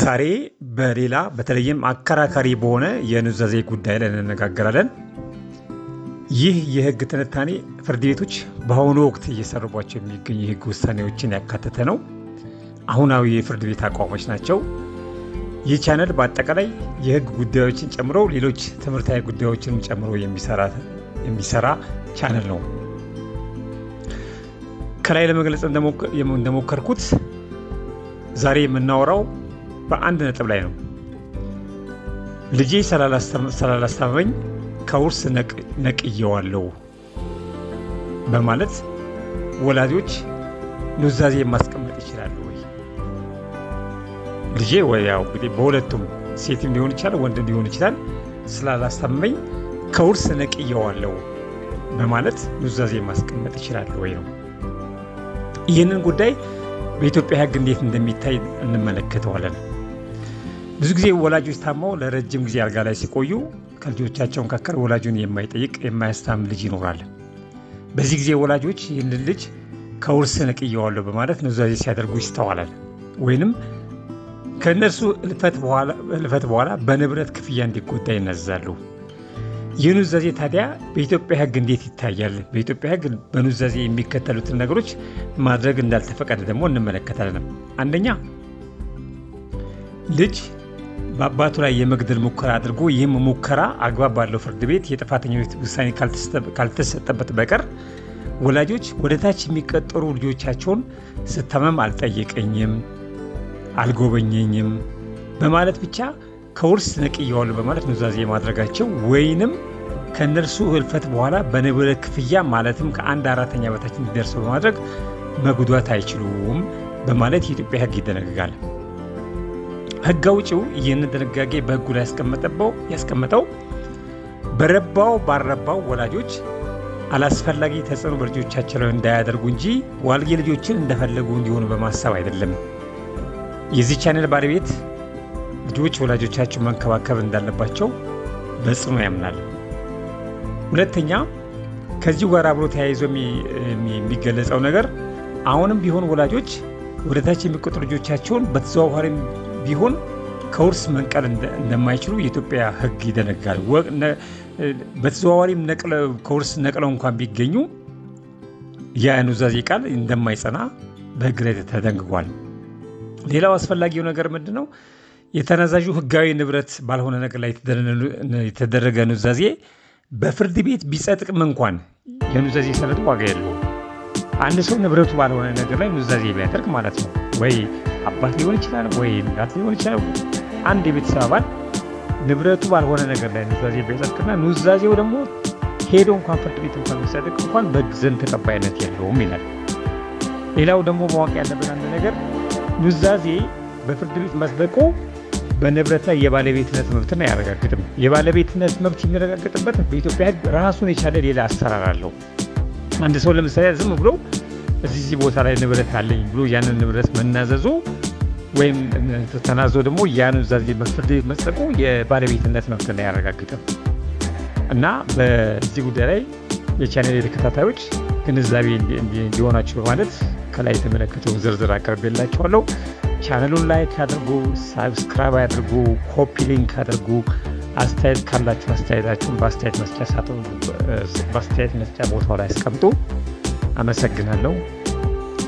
ዛሬ በሌላ በተለይም አከራካሪ በሆነ የኑዛዜ ጉዳይ ላይ እንነጋገራለን። ይህ የህግ ትንታኔ ፍርድ ቤቶች በአሁኑ ወቅት እየሰሩባቸው የሚገኙ የህግ ውሳኔዎችን ያካተተ ነው። አሁናዊ የፍርድ ቤት አቋሞች ናቸው። ይህ ቻነል በአጠቃላይ የህግ ጉዳዮችን ጨምሮ ሌሎች ትምህርታዊ ጉዳዮችንም ጨምሮ የሚሰራ ቻነል ነው። ከላይ ለመግለጽ እንደሞከርኩት ዛሬ የምናወራው በአንድ ነጥብ ላይ ነው። ልጄ ስላላስታመመኝ ከውርስ ነቅየዋለሁ በማለት ወላጆች ኑዛዜ ማስቀመጥ ይችላሉ ወይ? ልጄ ያው እንግዲህ በሁለቱም ሴትም ሊሆን ይችላል ወንድም ሊሆን ይችላል ስላላስታመመኝ ከውርስ ነቅየዋለሁ በማለት ኑዛዜ ማስቀመጥ ይችላሉ ወይ ነው። ይህንን ጉዳይ በኢትዮጵያ ሕግ እንዴት እንደሚታይ እንመለከተዋለን። ብዙ ጊዜ ወላጆች ታመው ለረጅም ጊዜ አልጋ ላይ ሲቆዩ ከልጆቻቸው መካከል ወላጁን የማይጠይቅ የማያስታም ልጅ ይኖራል። በዚህ ጊዜ ወላጆች ይህንን ልጅ ከውርስ ነቅየዋለሁ በማለት ኑዛዜ ሲያደርጉ ይስተዋላል። ወይንም ከእነርሱ እልፈት በኋላ በንብረት ክፍያ እንዲጎዳ ይነዛሉ። ይህ ኑዛዜ ታዲያ በኢትዮጵያ ሕግ እንዴት ይታያል? በኢትዮጵያ ሕግ በኑዛዜ የሚከተሉትን ነገሮች ማድረግ እንዳልተፈቀደ ደግሞ እንመለከታለን። አንደኛ ልጅ በአባቱ ላይ የመግደል ሙከራ አድርጎ ይህም ሙከራ አግባብ ባለው ፍርድ ቤት የጥፋተኝነት ውሳኔ ካልተሰጠበት በቀር ወላጆች ወደታች የሚቀጠሩ ልጆቻቸውን ስታመም አልጠየቀኝም፣ አልጎበኘኝም በማለት ብቻ ከውርስ ነቅየዋለሁ በማለት ኑዛዜ ማድረጋቸው ወይንም ከእነርሱ ህልፈት በኋላ በንብረ ክፍያ ማለትም ከአንድ አራተኛ በታች እንዲደርሰው በማድረግ መጉዳት አይችሉም በማለት የኢትዮጵያ ሕግ ይደነግጋል። ሕግ አውጪው ይህን ድንጋጌ በህጉ ላይ ያስቀመጠው በረባው ባረባው ወላጆች አላስፈላጊ ተጽዕኖ በልጆቻቸው ላይ እንዳያደርጉ እንጂ ዋልጌ ልጆችን እንደፈለጉ እንዲሆኑ በማሰብ አይደለም። የዚህ ቻኔል ባለቤት ልጆች ወላጆቻቸው መንከባከብ እንዳለባቸው በጽኑ ያምናል። ሁለተኛ ከዚሁ ጋር አብሮ ተያይዞ የሚገለጸው ነገር አሁንም ቢሆን ወላጆች ወደታች የሚቆጥሩ ልጆቻቸውን በተዘዋዋሪ ቢሆን ከውርስ መንቀል እንደማይችሉ የኢትዮጵያ ሕግ ይደነጋል። በተዘዋዋሪም ከውርስ ነቅለው እንኳን ቢገኙ የኑዛዜ ቃል እንደማይጸና በሕግ ላይ ተደንግጓል። ሌላው አስፈላጊው ነገር ምንድን ነው? የተናዛዡ ሕጋዊ ንብረት ባልሆነ ነገር ላይ የተደረገ ኑዛዜ በፍርድ ቤት ቢጸጥቅም እንኳን የኑዛዜ ሰነዱ ዋጋ የለውም። አንድ ሰው ንብረቱ ባልሆነ ነገር ላይ ኑዛዜ ቢያደርግ ማለት ነው ወይ አባት ሊሆን ይችላል ወይ እናት ሊሆን ይችላል። አንድ የቤተሰብ አባል ንብረቱ ባልሆነ ነገር ላይ ኑዛዜ ቢያጸድቅና ኑዛዜው ደግሞ ሄዶ እንኳን ፍርድ ቤት እንኳን ቢጸድቅ እንኳን በሕግ ዘንድ ተቀባይነት የለውም ይላል። ሌላው ደግሞ ማወቅ ያለበት አንድ ነገር ኑዛዜ በፍርድ ቤት መጽደቁ በንብረት ላይ የባለቤትነት መብትን አያረጋግጥም። የባለቤትነት መብት የሚረጋግጥበት በኢትዮጵያ ሕግ ራሱን የቻለ ሌላ አሰራር አለው። አንድ ሰው ለምሳሌ ዝም ብሎ እዚህ ቦታ ላይ ንብረት አለኝ ብሎ ያንን ንብረት መናዘዙ ወይም ተናዞ ደግሞ ያን ዛዜ ፍርድ ቤት መስጠቱ የባለቤትነት መብትን አያረጋግጥም እና በዚህ ጉዳይ ላይ የቻኔል የተከታታዮች ግንዛቤ እንዲሆናቸው በማለት ከላይ የተመለከተው ዝርዝር አቀርቤላችኋለሁ። ቻነሉን ላይክ አድርጉ፣ ሳብስክራይብ አድርጉ፣ ኮፒ ሊንክ አድርጉ። አስተያየት ካላችሁ አስተያየታችሁን በአስተያየት መስጫ ቦታው ላይ አስቀምጡ። አመሰግናለሁ።